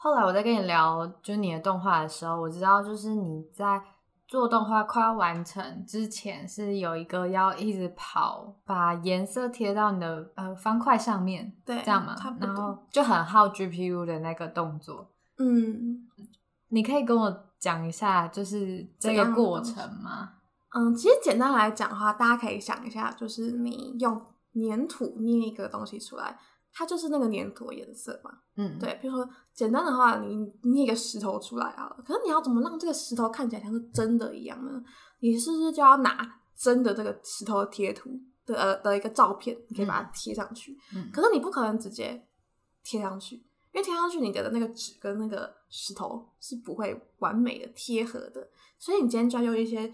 後來我在跟你聊，就是你的動畫的時候，我知道就是你在做動畫快要完成之前，是有一個要一直跑，把顏色貼到你的呃方塊上面，對，這樣嘛，差不多，然後就很耗 GPU 的那個動作。嗯，你可以跟我講一下，就是這個過程嗎？嗯，嗯，其實簡單來講的話，大家可以想一下，就是你用粘土捏一個東西出來。它就是那個粘土的顏色嘛，嗯，對。比如說簡單的話，你捏個石頭出來啊，可是你要怎麼讓這個石頭看起來像是真的一樣呢？你是不是就要拿真的這個石頭貼圖的、呃、的一個照片，你可以把它貼上去。嗯，可是你不可能直接貼上去，嗯，因為貼上去你的那個紙跟那個石頭是不會完美的貼合的，所以你今天就要用一些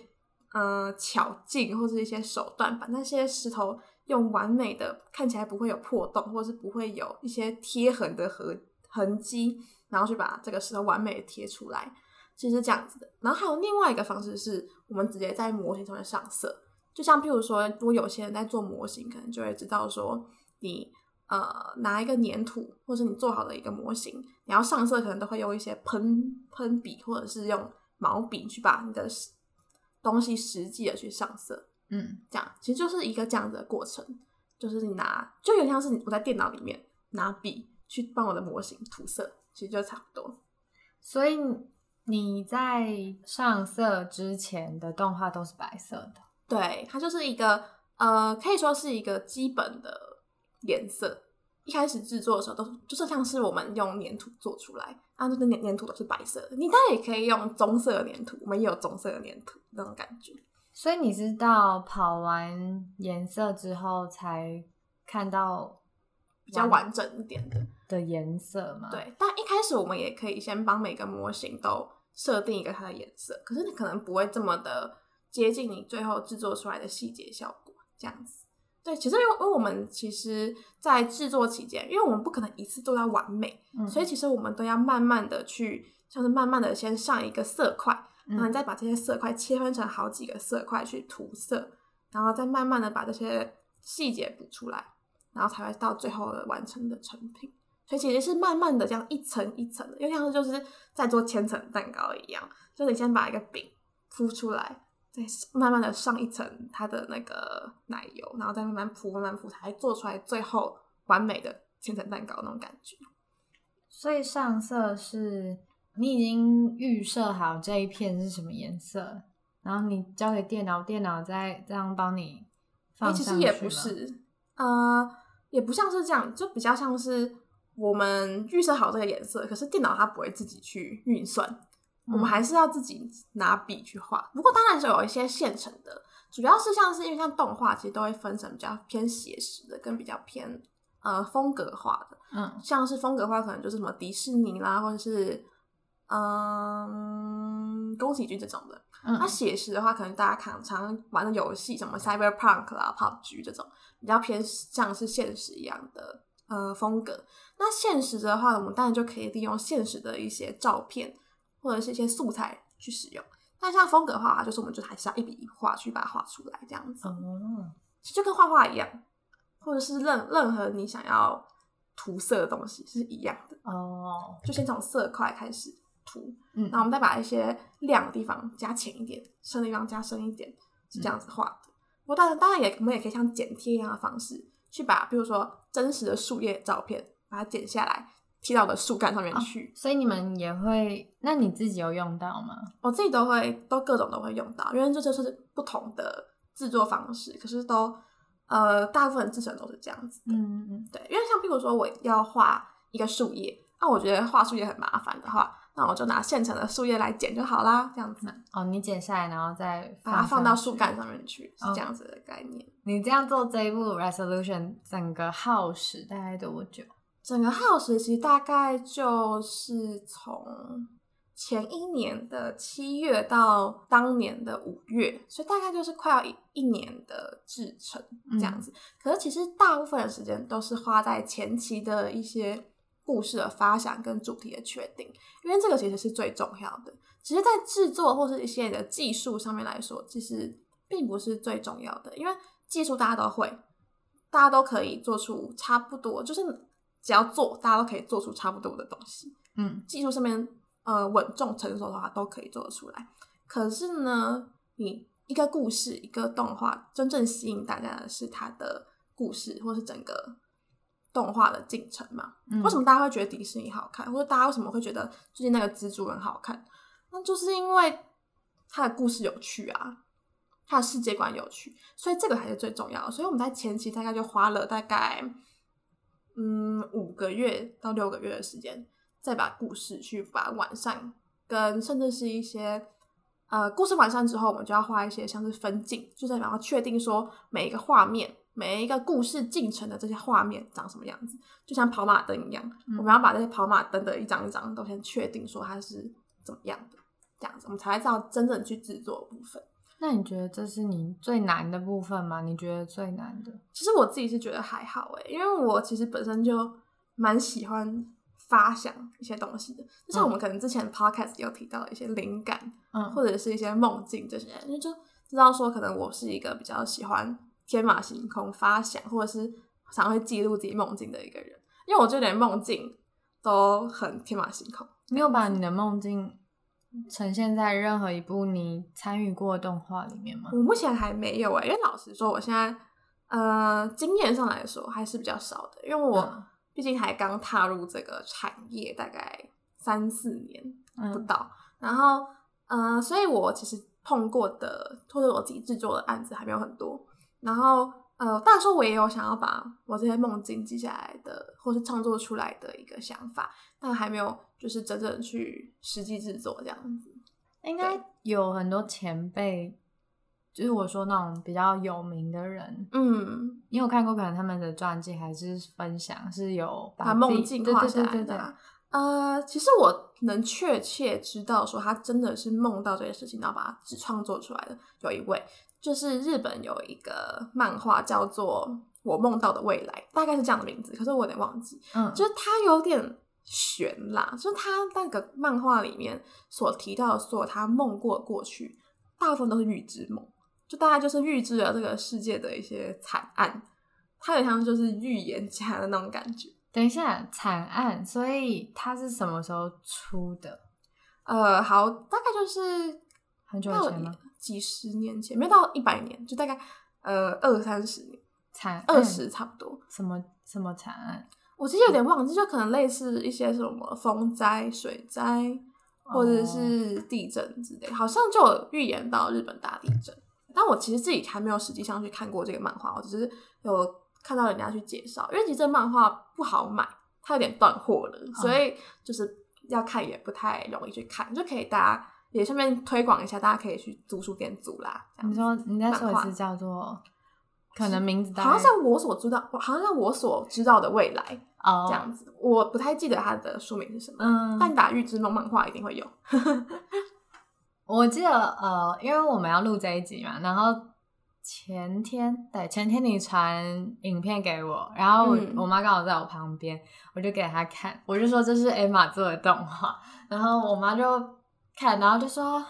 嗯，呃，巧勁或者一些手段，把那些石頭。用完美的看起來不會有破洞，或是不會有一些貼痕的痕痕跡，然後去把這個石頭完美的貼出來，其實是這樣子的。然後還有另外一個方式是，我們直接在模型上面上色，就像譬如說如果有些人在做模型，可能就會知道說你，你呃拿一個黏土，或是你做好的一個模型，你要上色可能都會用一些噴噴筆，或者是用毛筆去把你的東西實際的去上色。嗯，這樣其實就是一個這樣子的過程，就是你拿就有點像是我在電腦裡面拿筆去幫我的模型塗色，其實就差不多。所以你在上色之前的動畫都是白色的，對，它就是一個呃，可以說是一個基本的顏色。一開始制作的時候都就是像是我們用粘土做出來，啊，然後就是粘粘土都是白色的。你當然也可以用棕色的粘土，我們也有棕色的粘土那種感覺。所以你知道跑完顏色之後才看到比較完整一點的的顏色嗎？對，但一開始我們也可以先幫每個模型都設定一個它的顏色，可是你可能不會這麼的接近你最後製作出來的細節效果這樣子。對，其實因為因為我們其實在製作期間，因為我們不可能一次做到完美，嗯、哼所以其實我們都要慢慢的去，像是慢慢的先上一個色塊。然後你再把這些色塊切分成好幾個色塊去塗色，然後再慢慢的把這些細節補出來，然後才會到最後的完成的成品。所以其實是慢慢的這樣一層一層的，有點像是就是在做千層蛋糕一樣，就你先把一個餅鋪出來，再慢慢的上一層它的那個奶油，然後再慢慢鋪、慢慢鋪，才做出來最後完美的千層蛋糕那種感覺。所以上色是。你已經預設好這一片是什麼顏色，然後你交給電腦，電腦再這樣幫你放上去？欸、其實也不是，呃，也不像是這樣，就比較像是我們預設好這個顏色，可是電腦它不會自己去運算，嗯、我們還是要自己拿筆去畫。不過當然，是有一些現成的，主要是像是因為像動畫，其實都會分成比較偏寫實的跟比較偏呃風格化的。嗯，像是風格化，可能就是什麼迪士尼啦，或者是。嗯，宮崎駿這種的，嗯、那寫實的話，可能大家常常玩的遊戲什麼 Cyberpunk 啊、PopG 這種，比較偏像是現實一樣的呃風格。那現實的話，我們當然就可以利用現實的一些照片，或者是一些素材去使用。但像風格的話，就是我們就還是要一筆一畫去把它畫出來，這樣子哦，其實就跟畫畫一樣，或者是任任何你想要塗色的東西是一樣的哦，就先從色塊開始。圖，嗯，那我們再把一些亮的地方加淺一點，嗯、深的地方加深一點，是這樣子畫的。嗯、我當然，當然也我們也可以像剪貼一樣的方式，去把比如說真實的樹葉照片，把它剪下來，貼到我的樹幹上面去、哦。所以你們也會？嗯、那你自己有用到嗎？我自己都會，都各種都會用到，因為這就是不同的製作方式。可是都，呃，大部分的製程都是這樣子的。嗯嗯，對，因為像比如說我要畫一個樹葉，那、啊、我覺得畫樹葉很麻煩的話。那我就拿現成的樹葉來剪就好啦！這樣子、啊、哦。你剪下來，然後再把它放到樹幹上面去、哦，是這樣子的概念。你這樣做這一部 resolution，整個耗時大概多久？整個耗時其實大概就是從前一年的七月到當年的五月，所以大概就是快要一一年的制成這樣子。嗯、可是其實大部分的時間都是花在前期的一些。故事的發想跟主題的確定，因為這個其實是最重要的。其實在製作或是一些的技術上面來說，其實並不是最重要的。因為技術大家都會，大家都可以做出差不多，就是只要做，大家都可以做出差不多的東西。嗯，技術上面呃穩重成熟的話都可以做得出來。可是呢，你一個故事一個動畫真正吸引大家的是它的故事，或是整個。動畫的進程嘛，為什麼大家會覺得迪士尼好看？嗯、或者大家為什麼會覺得最近那個蜘蛛人好看？那就是因為它的故事有趣啊，它的世界觀有趣，所以這個才是最重要的。所以我們在前期大概就花了大概嗯五個月到六個月的時間，再把故事去把完、完善，跟甚至是一些呃故事完善之後，我們就要畫一些像是分鏡，就在然後確定說每一個畫面每一個故事進程的這些畫面長什麼樣子，就像跑馬燈一樣，嗯、我們要把這些跑馬燈的一張一張都先確定說它是怎麼樣的，這樣子我們才知道真正去制作的部分。那你覺得這是你最難的部分嗎？你覺得最難的？其實我自己是覺得還好哎、欸，因為我其實本身就蠻喜歡發想一些東西的，就像我們可能之前 podcast 又提到一些靈感，嗯，或者是一些夢境這些，嗯、因為就知道說可能我是一個比較喜歡。天馬行空發想，或者是常會記錄自己夢境的一個人，因為我就連夢境都很天馬行空。你有把你的夢境呈現在任何一部你參與過的動畫裡面嗎？我目前還沒有哎、欸，因為老實說，我現在呃，經驗上來說還是比較少的，因為我畢竟還剛踏入這個產業，大概三四年不到。嗯、然後，呃，所以我其實碰過的或者我自己制作的案子還沒有很多。然後，呃，當然說，我也有想要把我這些夢境記下來的，或是創作出來的一個想法，但還沒有就是真正去實際制作這樣子。應該有很多前輩，就是我說那種比較有名的人，嗯，你有看過可能他們的傳記還是分享，是有把夢境畫下來的。對對對。呃，其實我能確切知道說他真的是夢到這些事情，然後把它只創作出來的，有一位。就是日本有一個漫畫叫做《我夢到的未來》，大概是這樣的名字，可是我有點忘記。嗯，就是它有點玄啦，就是它那個漫畫裡面所提到的說，他夢過的過去，大部分都是預知夢，就大概就是預知了這個世界的一些慘案，它有像就是預言家的那種感覺。等一下，慘案，所以它是什麼時候出的？呃，好，大概就是。很久以前嗎？幾十年前，前沒到一百年，就大概呃二三十年，才慘二十差不多。嗯、什麼什麼慘案、啊？我其實有點忘記，就可能類似一些什麼風災、水災，或者是地震之類的。哦、好像就有預言到日本大地震，但我其實自己還沒有實際上去看過這個漫畫，我只是有看到人家去介紹。因為其實這個漫畫不好買，它有點斷貨了，哦、所以就是要看也不太容易去看，就可以大家。也順便推廣一下，大家可以去租書店租啦。你說，人家說一是叫做，畫可能名字大好像我所知道，好像我所知道的未來哦，oh, 這樣子，我不太記得他的書名是什麼？嗯，漢打預知夢漫畫一定會有。 我記得，呃，因為我們要錄這一集嘛，然後前天對，前天你傳影片給我，然後我媽剛、嗯、好在我旁邊，我就給她看，我就說這是 Emma 做的動畫，然後我媽就。嗯看，然後就說啊，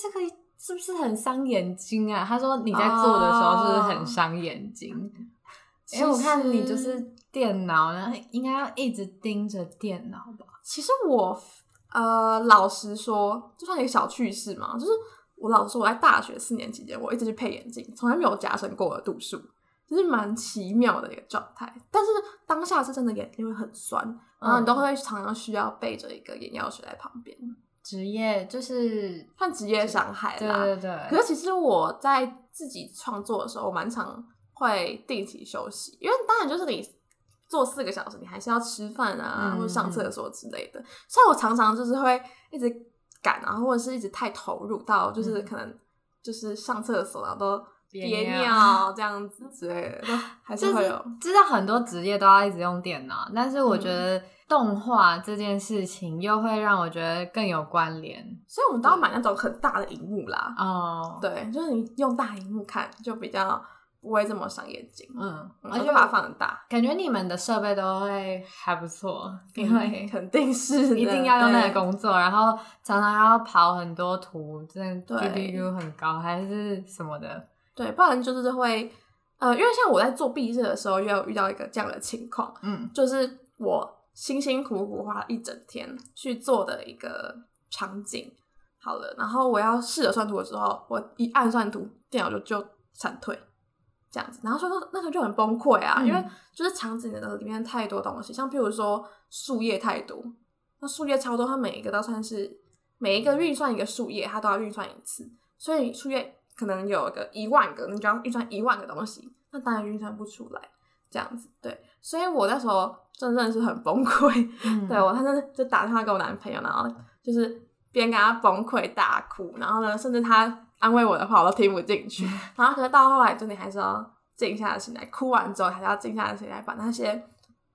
這個是不是很傷眼睛啊？他說你在做的時候是不是很傷眼睛？因為我看你就是電腦，然後應該要一直盯着電腦吧？其實我呃，老實說，就算一個小趣事嘛，就是我老實說，我在大學四年期間，我一直去配眼鏡，從來沒有加深過的度數，就是蠻奇妙的一個狀態。但是當下是真的眼睛會很酸，然後你都會常常需要備著一個眼藥水在旁邊。職業就是算職業傷害啦，啊，對對，對。可是其實我在自己創作的時候，我蠻常會定期休息，因為當然就是你坐四個小時，你還是要吃飯啊，嗯、或者上廁所之類的。嗯、所以，我常常就是會一直趕啊，或者是一直太投入到，就是可能就是上廁所啊都憋尿這樣子之類的，別尿 還是會有。知道很多職業都要一直用電腦，但是我覺得、嗯。動畫這件事情又會讓我覺得更有關聯，所以我們都要買那種很大的熒幕啦。對哦，對，就是你用大熒幕看就比較不會這麼傷眼睛，嗯，而且把它放大，感覺你們的設備都會還不錯，嗯、因，為因為肯定是一定要用那個工作，對然後常常要跑很多圖，對，的 g p 很高還是什麼的，對，不然就是會呃，因為像我在做畢設的時候，又要遇到一個這樣的情況，嗯，就是我。辛辛苦苦花了一整天去做的一個場景，好了，然後我要試着算圖的時候，我一按算圖，電腦就就閃退，這樣子。然後說那時候就很崩潰啊，嗯，因為就是場景裡面太多東西，像譬如說樹葉太多，那樹葉超多，它每一個都算是每一個運算一個樹葉，它都要運算一次，所以樹葉可能有個一萬個，你就要運算一萬個東西，那當然運算不出來，這樣子對。所以，我那時候真的,真的是很崩潰，嗯、對我，我真的就打電話給我男朋友，然後就是邊跟他崩潰大哭，然後呢，甚至他安慰我的話我都聽不進去。嗯、然後，可是到後來，就你還是要靜下心來，哭完之後還是要靜下心來，把那些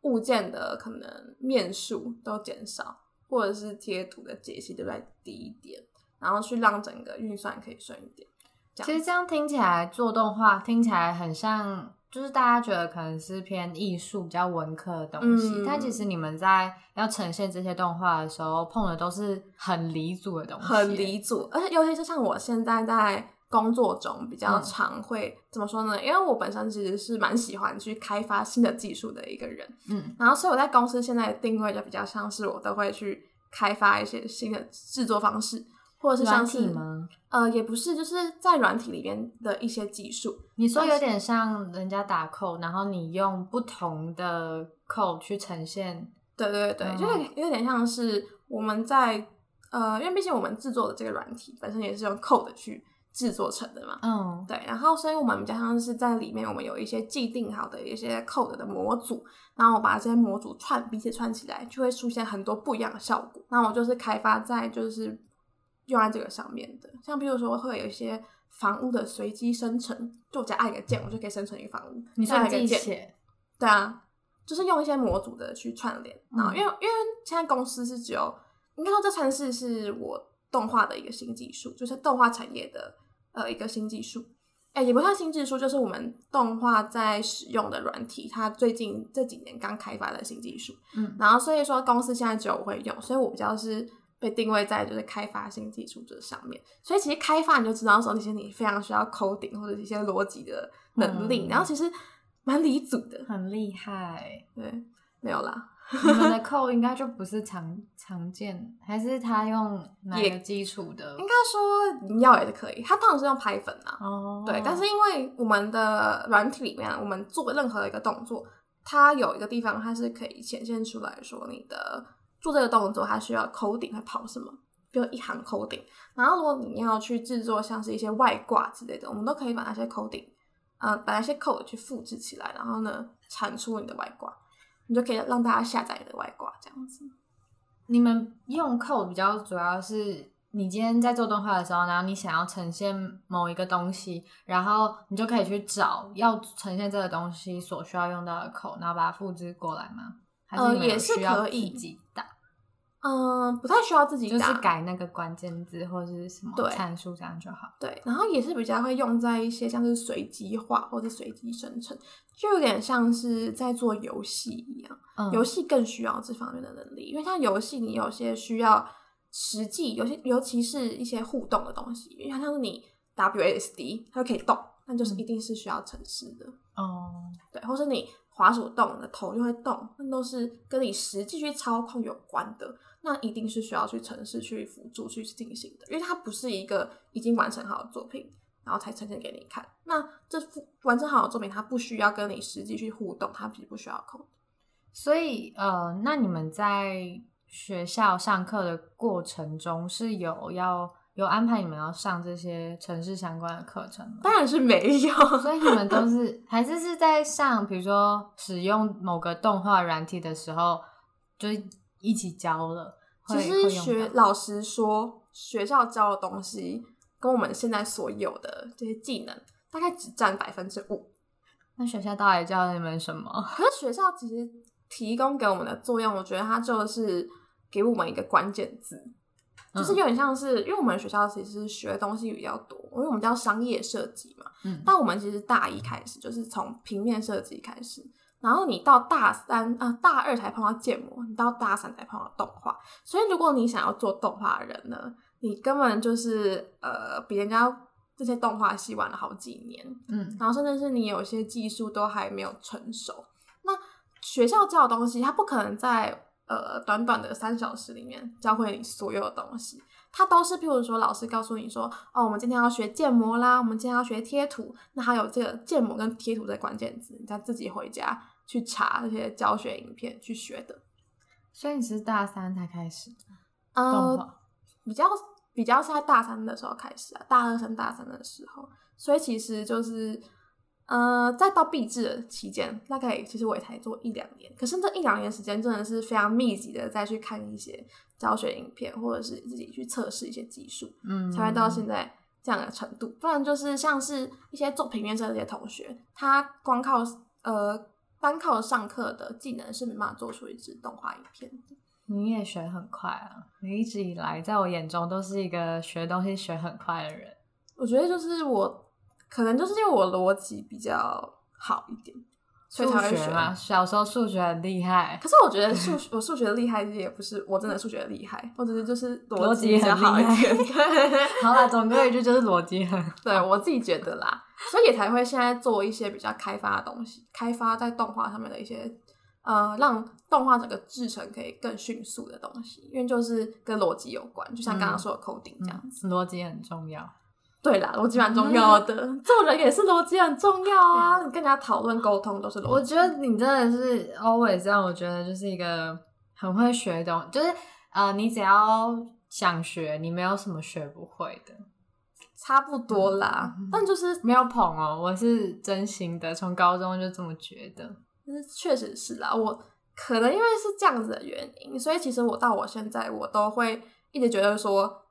物件的可能面數都減少，或者是貼圖的解析都再低一點，然後去讓整個運算可以順一點。其實這樣聽起來做動畫，聽起來很像。就是大家覺得可能是偏藝術比較文科的東西，嗯、但其實你們在要呈現這些動畫的時候，碰的都是很離譜的東西。很離譜，而且尤其是像我現在在工作中比較常會、嗯、怎麼說呢？因為我本身其實是蠻喜歡去開發新的技術的一個人。嗯，然後所以我在公司現在定位就比較像是我都會去開發一些新的製作方式。或者是軟體嗎？呃，也不是，就是在軟體裡邊的一些技術。你說有點像人家打 code< 是>，然後你用不同的 code 去呈現。對，對對對，嗯，就是有點像是我們在呃，因為畢竟我們制作的這個軟體本身也是用 code 去制作成的嘛。嗯，對。然後，所以我們比較像是在裡面，我們有一些既定好的一些 code 的模組，然後我把這些模組串並且串起來，就會出現很多不一樣的效果。那我就是開發在就是。用在這個上面的，像比如說會有一些房屋的隨機生成，就我只要按一個鍵，我就可以生成一個房屋。你，說，你按一個鍵？對啊，就是用一些模組的去串聯。然後因為、嗯、因為現在公司是只有，你應該說這算是是我動畫的一個新技術，就是動畫產業的呃一個新技術。哎、欸，也不算新技術，就是我們動畫在使用的軟體，它最近這幾年剛開發的新技術。嗯，然後所以說公司現在只有我會用，所以我比較是。被定位在就是開發新技術這上面，所以其實開發你就知道說那些你非常需要 coding 或者一些邏輯的能力，嗯、然後其實蠻理組的，很厲害。對，沒有啦，我 們的 code 應該就不是常常見，還是他用哪一個基礎的，應該說你要也是可以，他當然是用 Python 啊。哦，對，但是因為我們的軟體裡面，我們做任何一個動作，它有一個地方它是可以顯現出來說你的。做這個動作，它需要 coding，會跑什麼？比如一行 coding。然後如果你要去製作像是一些外掛之類的，我們都可以把那些 coding，嗯，把那些 code 去複製起來，然後呢，產出你的外掛，你就可以讓大家下載你的外掛這樣子。你們用 code 比較主要是你今天在做動畫的時候，然後你想要呈現某一個東西，然後你就可以去找要呈現這個東西所需要用到的 code，然後把它複製過來嗎？有有呃，也是可以自己打，嗯，不太需要自己打，就是改那個關鍵字或者什麼參數對這樣就好。對，然後也是比較會用在一些像是隨機化或者隨機生成，就有點像是在做遊戲一樣。嗯，遊戲更需要這方面的能力，因為像遊戲你有些需要實際，有些、嗯、尤其是一些互動的東西，因為像是你 W S D 它就可以動，那就是一定是需要程式的。哦、嗯，對，或是你。滑鼠動，你的頭就會動，那都是跟你實際去操控有關的，那一定是需要去嘗試、去輔助、去進行的，因為它不是一個已經完成好的作品，然後才呈現給你看。那這幅完成好的作品，它不需要跟你實際去互動，它其實不需要控。所以，呃，那你們在學校上課的過程中是有要。有安排你們要上這些城市相關的課程嗎？當然是沒有， 所以你們都是還是是在上，比如說使用某個動畫軟體的時候，就是、一起教了。其實學老師說，學校教的東西跟我們現在所有的這些技能大概只佔百分之五。 那學校到底教你們什麼？可是學校其實提供給我們的作用，我覺得它就是給我們一個關鍵字。就是有點像是，嗯、因為我們學校其實是學的東西比較多，因為我們叫商業設計嘛。嗯。但我們其實大一開始就是從平面設計開始，然後你到大三啊，呃，大二才碰到建模，你到大三才碰到動畫。所以如果你想要做動畫的人呢，你根本就是呃比人家這些動畫系晚了好幾年，嗯。然後，甚至是你有一些技術都還沒有成熟。那學校教的東西，他不可能在。呃，短短的三小時裡面教會你所有的東西，它都是，譬如說老師告訴你說，哦，我們今天要學建模啦，我們今天要學貼圖，那還有這個建模跟貼圖的關鍵字，你再自己回家去查那些教學影片去學的。所以你是大三才開始的？嗯、呃、動畫。比較比較是在大三的時候開始啊，大二升大三的時候，所以其實就是。呃，再到畢製的期間，大概其實我也才做一兩年，可是這一兩年時間真的是非常密集的，再去看一些教學影片，或者是自己去測試一些技術，嗯，才會到現在這樣的程度。嗯。不然就是像是一些做平面設計的同學，他光靠呃單靠上課的技能是沒辦法做出一支動畫影片的。你也學很快啊！你一直以來在我眼中都是一個學東西學很快的人。我覺得就是我。可能就是因為我邏輯比較好一點，所以才會學嘛，小時候數學很厲害。可是我覺得數學，我數學厲害也不是我真的數學厲害，或者是就是邏輯比較好一點。 好了，總歸一句就是邏輯很 好。對，我自己覺得啦，所以也才會現在做一些比較開發的東西，開發在動畫上面的一些呃，讓動畫整個製程可以更迅速的東西，因為就是跟邏輯有關，就像剛剛說的 coding 這樣子，嗯嗯、邏輯很重要。對啦，邏輯蠻重要的，做、嗯、人也是邏輯很重要啊。你對跟人家討論溝通都是邏輯。我覺得你真的是、嗯、always 這樣，我覺得就是一個很會學的，就是呃，你只要想學，你沒有什麼學不會的，差不多啦。嗯、但就是沒有捧哦，我是真心的，從高中就這麼覺得。確實是啦，我可能因為是這樣子的原因，所以其實我到我現在，我都會一直覺得說。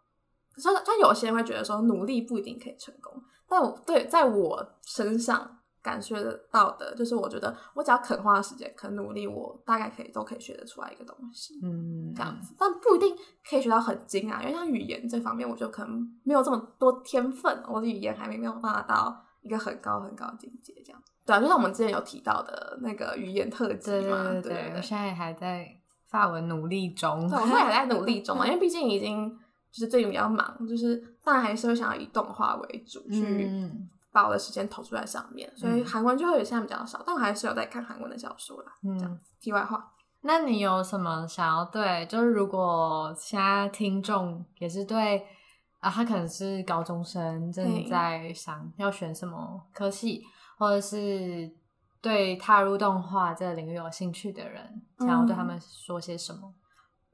所以他有些人會覺得說，努力不一定可以成功，但我對，在我身上感覺到的就是，我覺得我只要肯花時間、肯努力，我大概可以都可以學得出來一個東西，嗯，這樣子。但不一定可以學到很精啊，因為像語言這方面，我就可能沒有這麼多天分，我的語言還沒沒有辦法到一個很高很高的境界，這樣。對啊，就像我們之前有提到的那個語言特輯嘛，對，我現在還在法文努力中。對，我現在還在努力中啊？ 因為畢竟已經。就是最近比較忙，就是但還是會想要以動畫為主，去把我的時間投注在上面。嗯、所以韓文就會有現在比較少，嗯、但我還是有在看韓文的小說啦。嗯，這樣子。題外話，那你有什麼想要對，就是如果現在聽眾也是對啊，他可能是高中生，正在想要選什麼科系，嗯、或者是對踏入動畫這個領域有興趣的人，嗯、想要對他們說些什麼？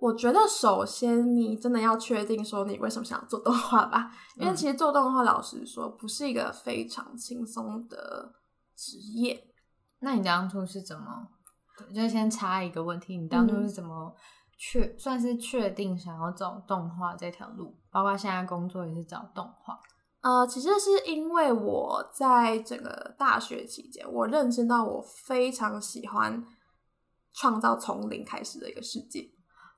我覺得首先你真的要確定說你為什麼想要做動畫吧，因為其實做動畫，老實說不是一個非常輕鬆的職業。嗯、那你當初是怎麼？我就先插一個問題，你當初是怎麼確、嗯、算是確定想要走動畫這條路？包括現在工作也是找動畫。呃，其實是因為我在整個大學期間，我認知到我非常喜歡創造從零開始的一個世界。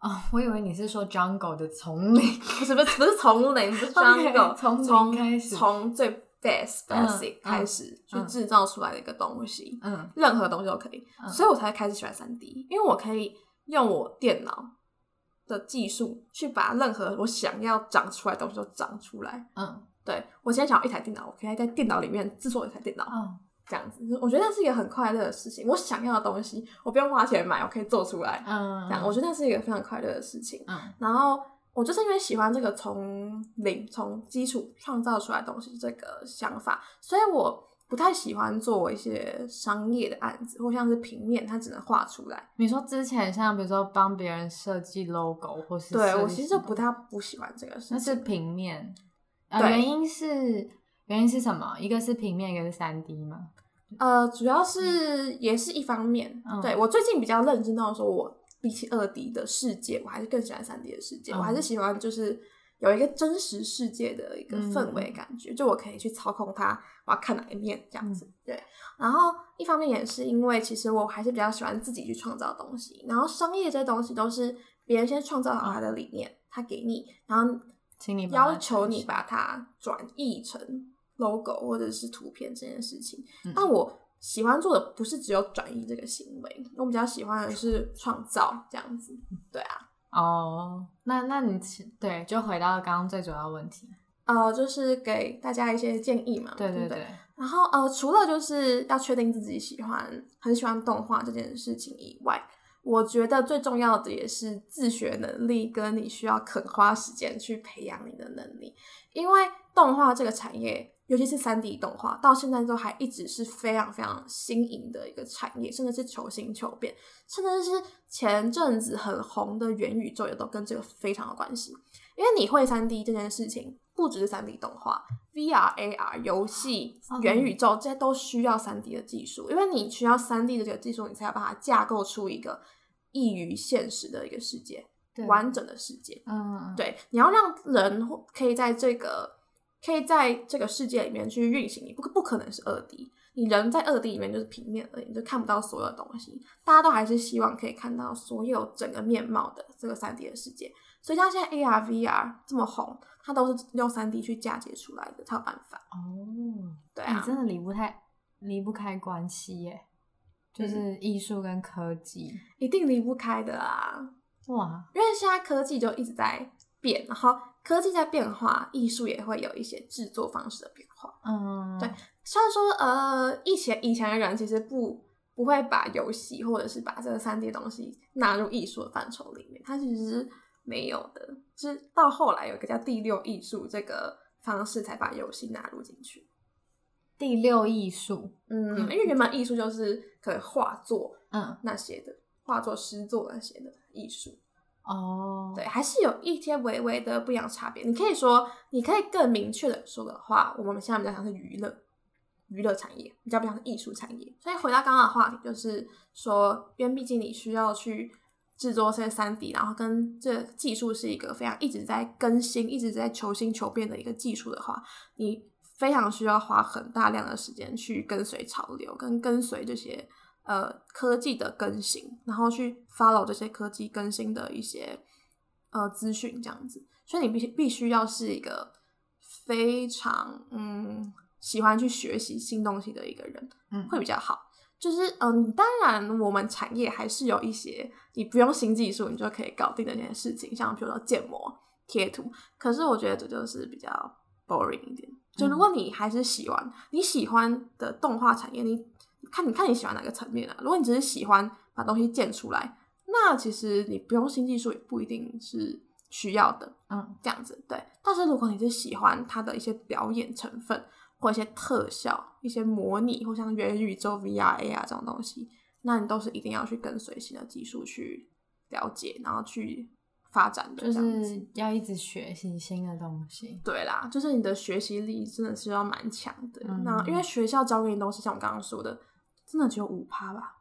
哦，oh, 我以為你是說 jungle 的叢林，什麼不是叢林，是 jungle，從最、okay, 開始，從最 best basic 開始去製、嗯、造出來的一個東西，嗯，任何東西都可以，嗯、所以我才會開始喜歡三 D，嗯、因為我可以用我電腦的技術去把任何我想要長出來的東西都長出來，嗯，對，我現在想要一台電腦，我可以在電腦裡面制作一台電腦，嗯。這樣子，我覺得那是一個很快樂的事情。我想要的東西，我不用花錢買，我可以做出來。嗯，這樣我覺得那是一個非常快樂的事情。嗯，然後我就是因為喜歡這個從零從基礎創造出來的東西這個想法，所以我不太喜歡做一些商業的案子，或像是平面，它只能畫出來。你說之前像比如說幫別人設計 logo，或是，對，我其實就不太不喜歡這個事情。那是平面，啊，對，原因是。原因是什麼？一個是平面，一個是三 D 嗎？呃，主要是也是一方面。嗯、對我最近比較認知到說，我比起二 D 的世界，我還是更喜歡三 D 的世界。嗯、我還是喜歡就是有一個真實世界的一個氛圍感覺，嗯、就我可以去操控它，我要看哪一面這樣子。嗯、對，然後一方面也是因為其實我還是比較喜歡自己去創造東西。然後商業這些東西都是別人先創造好他的理念，他、嗯、給你，然後請你要求你把它轉譯成 logo 或者是圖片這件事情，嗯、但我喜歡做的不是只有轉移這個行為，我比較喜歡的是創造這樣子。對啊。哦，那那你對就回到剛剛最主要問題，呃，就是給大家一些建議嘛，對對對。對對，然後呃，除了就是要確定自己喜歡很喜歡動畫這件事情以外，我覺得最重要的也是自學能力，跟你需要肯花時間去培養你的能力。因為動畫這個產業，尤其是三 D 動畫，到現在都還一直是非常非常新穎的一個產業，甚至是求新求變，甚至是前陣子很紅的元宇宙也都跟這個非常有關係。因為你會三 D 這件事情，不只是三 D 動畫，VR、AR 遊戲、元宇宙這些都需要三 D 的技術，因為你需要三 D 的這個技術，你才有辦法架構出一個異於現實的一個世界。對完整的世界，嗯，對，你要讓人可以在這個可以在這個世界裡面去運行，你不不可能是二 D。你人在二 D 裡面就是平面而已，你就看不到所有東西。大家都還是希望可以看到所有整個面貌的這個三 D 的世界，所以像現在 AR、VR 這麼紅，它都是用三 D 去嫁接出來的，才有辦法。哦，對啊，你真的離不太離不開關係耶，嗯、就是藝術跟科技一定離不開的啊。哇，因為現在科技就一直在變，然後科技在變化，藝術也會有一些制作方式的變化。嗯，對。雖然說，呃，以前以前的人其實不不會把遊戲或者是把這個三 D 的東西納入藝術的範疇裡面，它其實是沒有的。就是到後來有一個叫第六藝術這個方式，才把遊戲納入進去。第六藝術，嗯，因為原本藝術就是可以畫作，嗯，那些的畫作、詩作那些的。嗯藝術，哦，oh. 對，還是有一些微微的不一樣差別。你可以說，你可以更明確的說的話，我們現在比較想是娛樂，娛樂產業比較不想是藝術產業。所以回到剛剛的話題，就是說，因為畢竟你需要去制作這些三 D，然後跟這技術是一個非常一直在更新、一直在求新求變的一個技術的話，你非常需要花很大量的時間去跟隨潮流，跟跟隨這些。呃，科技的更新，然後去 follow 這些科技更新的一些呃資訊，這樣子，所以你必必須要是一個非常嗯喜歡去學習新東西的一個人，嗯，會比較好。就是嗯，當然我們產業還是有一些你不用新技術你就可以搞定的那些事情，像比如說建模、貼圖。可是我覺得這就是比較 boring 一點。就如果你還是喜歡你喜歡的動畫產業，你。看，你看你喜歡哪個層面啊，如果你只是喜歡把東西建出來，那其實你不用新技術也不一定是需要的，嗯，這樣子、嗯、對。但是如果你是喜歡它的一些表演成分，或一些特效、一些模擬，或像元宇宙 V R A 啊這種東西，那你都是一定要去跟隨新的技術去了解，然後去發展的，就是要一直學習新的東西。對啦，就是你的學習力真的是要蠻強的。嗯、那因為學校教給你東西，像我剛剛說的。真的只有五趴吧？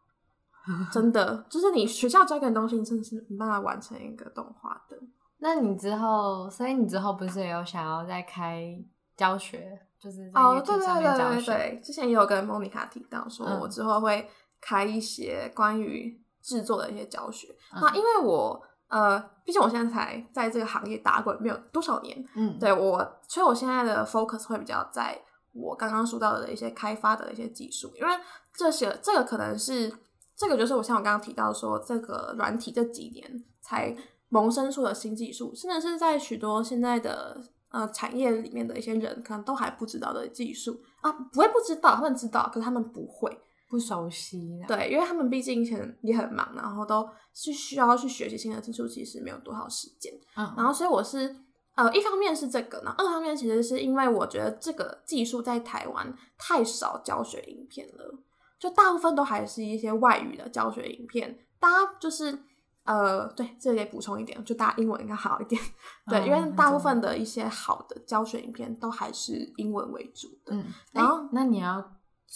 真的，就是你學校教給你的東西，你真的是沒辦法完成一個動畫的。 那你之後，所以你之後不是也有想要再開教學，就是在 YouTube 上面教學？Oh, 對、對、對、對、對、對，之前也有跟 Monica 提到，說我之後會開一些關於制作的一些教學。嗯，那因為我呃，畢竟我現在才在這個行業打滾沒有多少年，嗯，對我，所以我現在的 focus 會比較在。我剛剛說到的一些開發的一些技術，因為這些這個可能是這個就是我像我剛剛提到說，這個軟體這幾年才萌生出的新技術，甚至是在許多現在的呃產業裡面的一些人可能都還不知道的技術啊，不會不知道，他們知道，可是他們不會不熟悉。對，因為他們畢竟以前也很忙，然後都是需要去學習新的技術，其實沒有多少時間。嗯，然後所以我是。呃，一方面是這個，那二方面其實是因為我覺得這個技術在台灣太少教學影片了，就大部分都還是一些外語的教學影片。大家就是呃，對，這裡補充一點，就大家英文應該好一點，哦、對，因為大部分的一些好的教學影片都還是英文為主的。嗯，然後那、哦、那你要，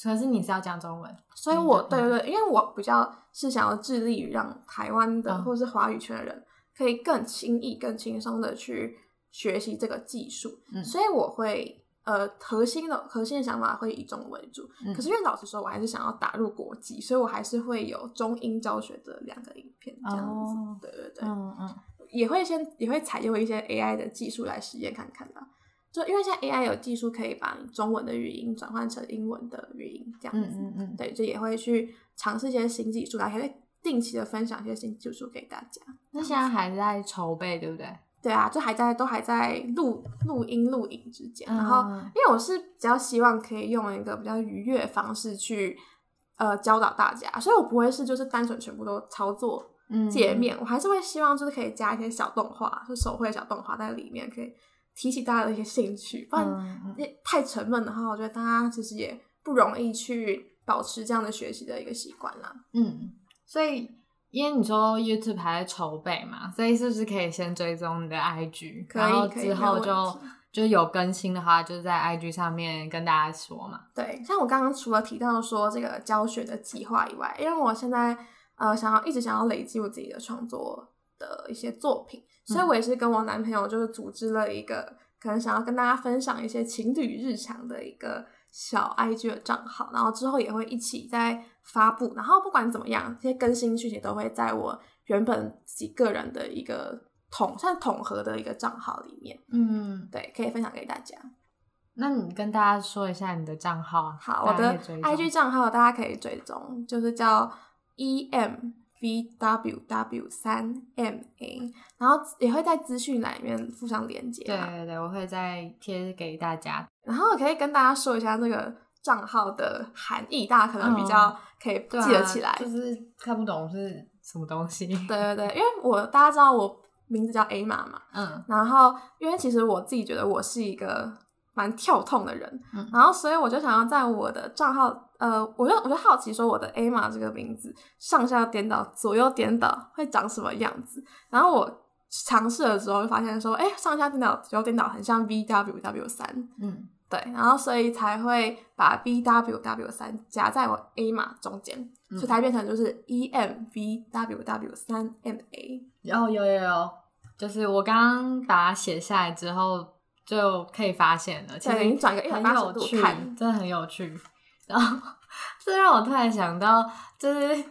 可是你是要講中文，所以我、嗯、對、對對，因為我比較是想要致力於讓台灣的或是華語圈的人可以更輕易、更輕鬆的去。學習這個技術，嗯、所以我會呃核心的核心的想法會以中文為主。嗯、可是因為老實說，我還是想要打入國際，所以我還是會有中英教學的兩個影片這樣子。哦、對對對，嗯嗯，也會先也會採用一些 AI 的技術來實驗看看的。就因為現在 AI 有技術可以把中文的語音轉換成英文的語音這樣子。嗯嗯嗯，對，就也會去嘗試一些新技術，然後還會定期的分享一些新技術給大家這樣子。那現在還在籌備，對不對？對啊，就還在都還在錄錄音錄影之間，然後、嗯、因為我是比較希望可以用一個比較愉悅的方式去呃教導大家，所以我不會是就是單純全部都操作界面，嗯、我還是會希望就是可以加一些小動畫，就手繪小動畫在裡面，可以提起大家的一些興趣。不然、嗯、太沉悶的話，我覺得大家其實也不容易去保持這樣的學習的一個習慣了。嗯，所以。因為你說 YouTube 還在籌備嘛，所以是不是可以先追蹤你的 IG，以然後之後就就有更新的話，就在 IG 上面跟大家說嘛。對，像我剛剛除了提到說這個教學的計劃以外，因為我現在呃想要一直想要累積我自己的創作的一些作品，嗯、所以我也是跟我男朋友就是組織了一個可能想要跟大家分享一些情侶日常的一個小 IG 的賬號，然後之後也會一起在。發布，然後不管怎麼樣，這些更新訊息都會在我原本自己個人的一個統算統合的一個賬號裡面。嗯，對，可以分享給大家。那你跟大家說一下你的賬號。好，我的 IG 賬號大家可以追蹤，就是叫 emvww 三 ma，然後也會在資訊欄裡面附上鏈接啊。對對對，我會再貼給大家。然後我可以跟大家說一下那個。賬號的含義，大家可能比較可以記得起來，就、哦啊、是看不懂是什麼東西。對對對，因為我大家知道我名字叫 A 碼嘛，嗯，然後因為其實我自己覺得我是一個蠻跳痛的人，嗯，然後所以我就想要在我的賬號呃，我就我就好奇說我的 A 碼這個名字上下顛倒、左右顛倒會長什麼樣子，然後我嘗試的時候發現說，哎、欸，上下顛倒、左右顛倒很像 VWW 三，嗯。對，然後所以才會把 B W W 三夾在我 A 碼中間，所以才變成就是 E M B W W 三 M A。然後有有有，就是我剛剛把它寫下來之後就可以發現了，其實你轉個一百八十度看，真的很有趣。然後這讓我突然想到，就是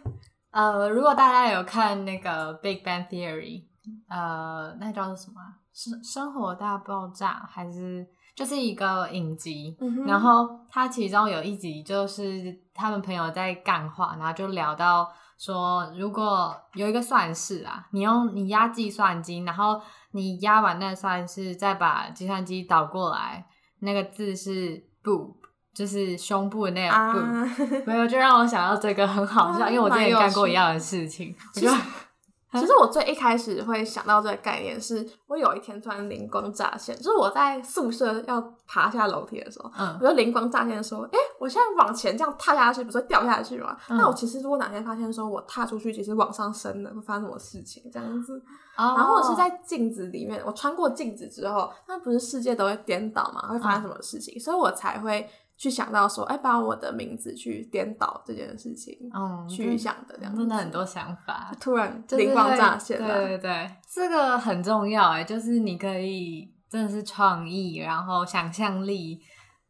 呃，如果大家有看那個 Big Bang Theory，呃，那叫做什麼？生生活大爆炸還是？就是一個影集，嗯、哼然後它其中有一集就是他們朋友在幹話，然後就聊到說，如果有一個算式啊，你用你壓計算機，然後你壓完那算式再把計算機倒過來，那個字是 boob，就是胸部的那個 boob，啊、沒有就讓我想到這個很好笑，啊、因為我之前也幹過一樣的事情，就是、我就。其實我最一開始會想到這個概念是，是我有一天突然靈光乍現，就是我在宿舍要爬下樓梯的時候，嗯、我就靈光乍現的時候哎、欸，我現在往前這樣踏下去，不是會掉下去嘛、嗯、那我其實如果哪天發現說，我踏出去其實往上升了，會發生什麼事情？這樣子，哦、然後我是在鏡子裡面，我穿過鏡子之後，那不是世界都會顛倒嘛，會發生什麼事情？嗯、所以我才會。去想到說，哎，把我的名字去顛倒這件事情，嗯，去想的這樣子，真的很多想法，突然靈光乍現了，對對對，這個很重要哎、欸，就是你可以真的是創意，然後想象力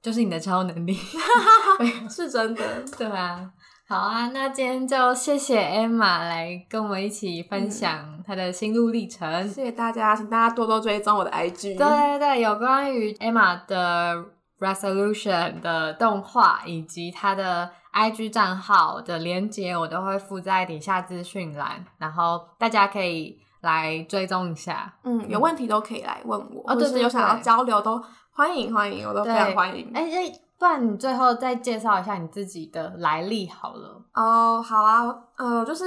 就是你的超能力， 是真的，對啊，好啊，那今天就謝謝 Emma 來跟我們一起分享她的心路歷程、嗯，謝謝大家，請大家多多追蹤我的 IG，對對對，有關於 Emma 的。Resolution 的動畫以及他的 IG 賬號的連結，我都會附在底下資訊欄，然後大家可以來追蹤一下。嗯，有問題都可以來問我，嗯、或者是有想要交流、哦、對都歡迎歡迎，我都非常歡迎。哎哎，不然你最後再介紹一下你自己的來歷好了。哦，好啊，呃，就是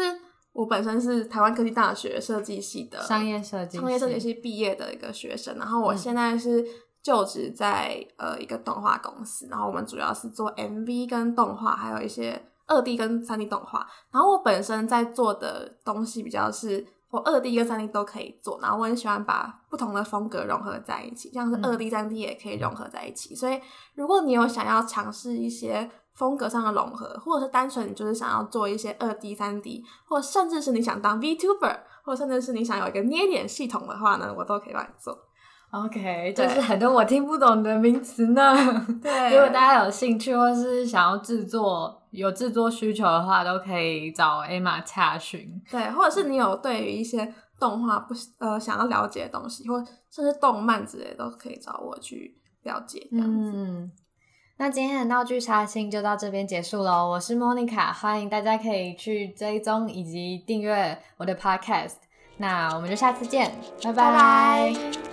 我本身是台灣科技大學設計系的商業設計師、商業設計系畢業的一個學生，然後我現在是。嗯就職在呃一個動畫公司，然後我們主要是做 MV 跟動畫，還有一些二 D 跟三 D 動畫。然後我本身在做的東西比較是，我二 D 跟三 D 都可以做，然後我很喜歡把不同的風格融合在一起，像是二 D 三 D 也可以融合在一起。嗯、所以如果你有想要嘗試一些風格上的融合，或者是單純你就是想要做一些二 D 三 D，或甚至是你想當 VTuber，或甚至是你想有一個捏臉系統的話呢，我都可以幫你做。OK，對就是很多我聽不懂的名詞呢。 對，如果大家有興趣或是想要制作有制作需求的話，都可以找 Emma 查詢。對，或者是你有對於一些動畫不呃想要了解的東西，或甚至動漫之類的，都可以找我去了解這樣子。嗯，那今天的鬧劇殺青就到這邊結束嘍。我是 Monica，歡迎大家可以去追蹤以及訂閱我的 Podcast。那我們就下次見，拜拜。拜拜。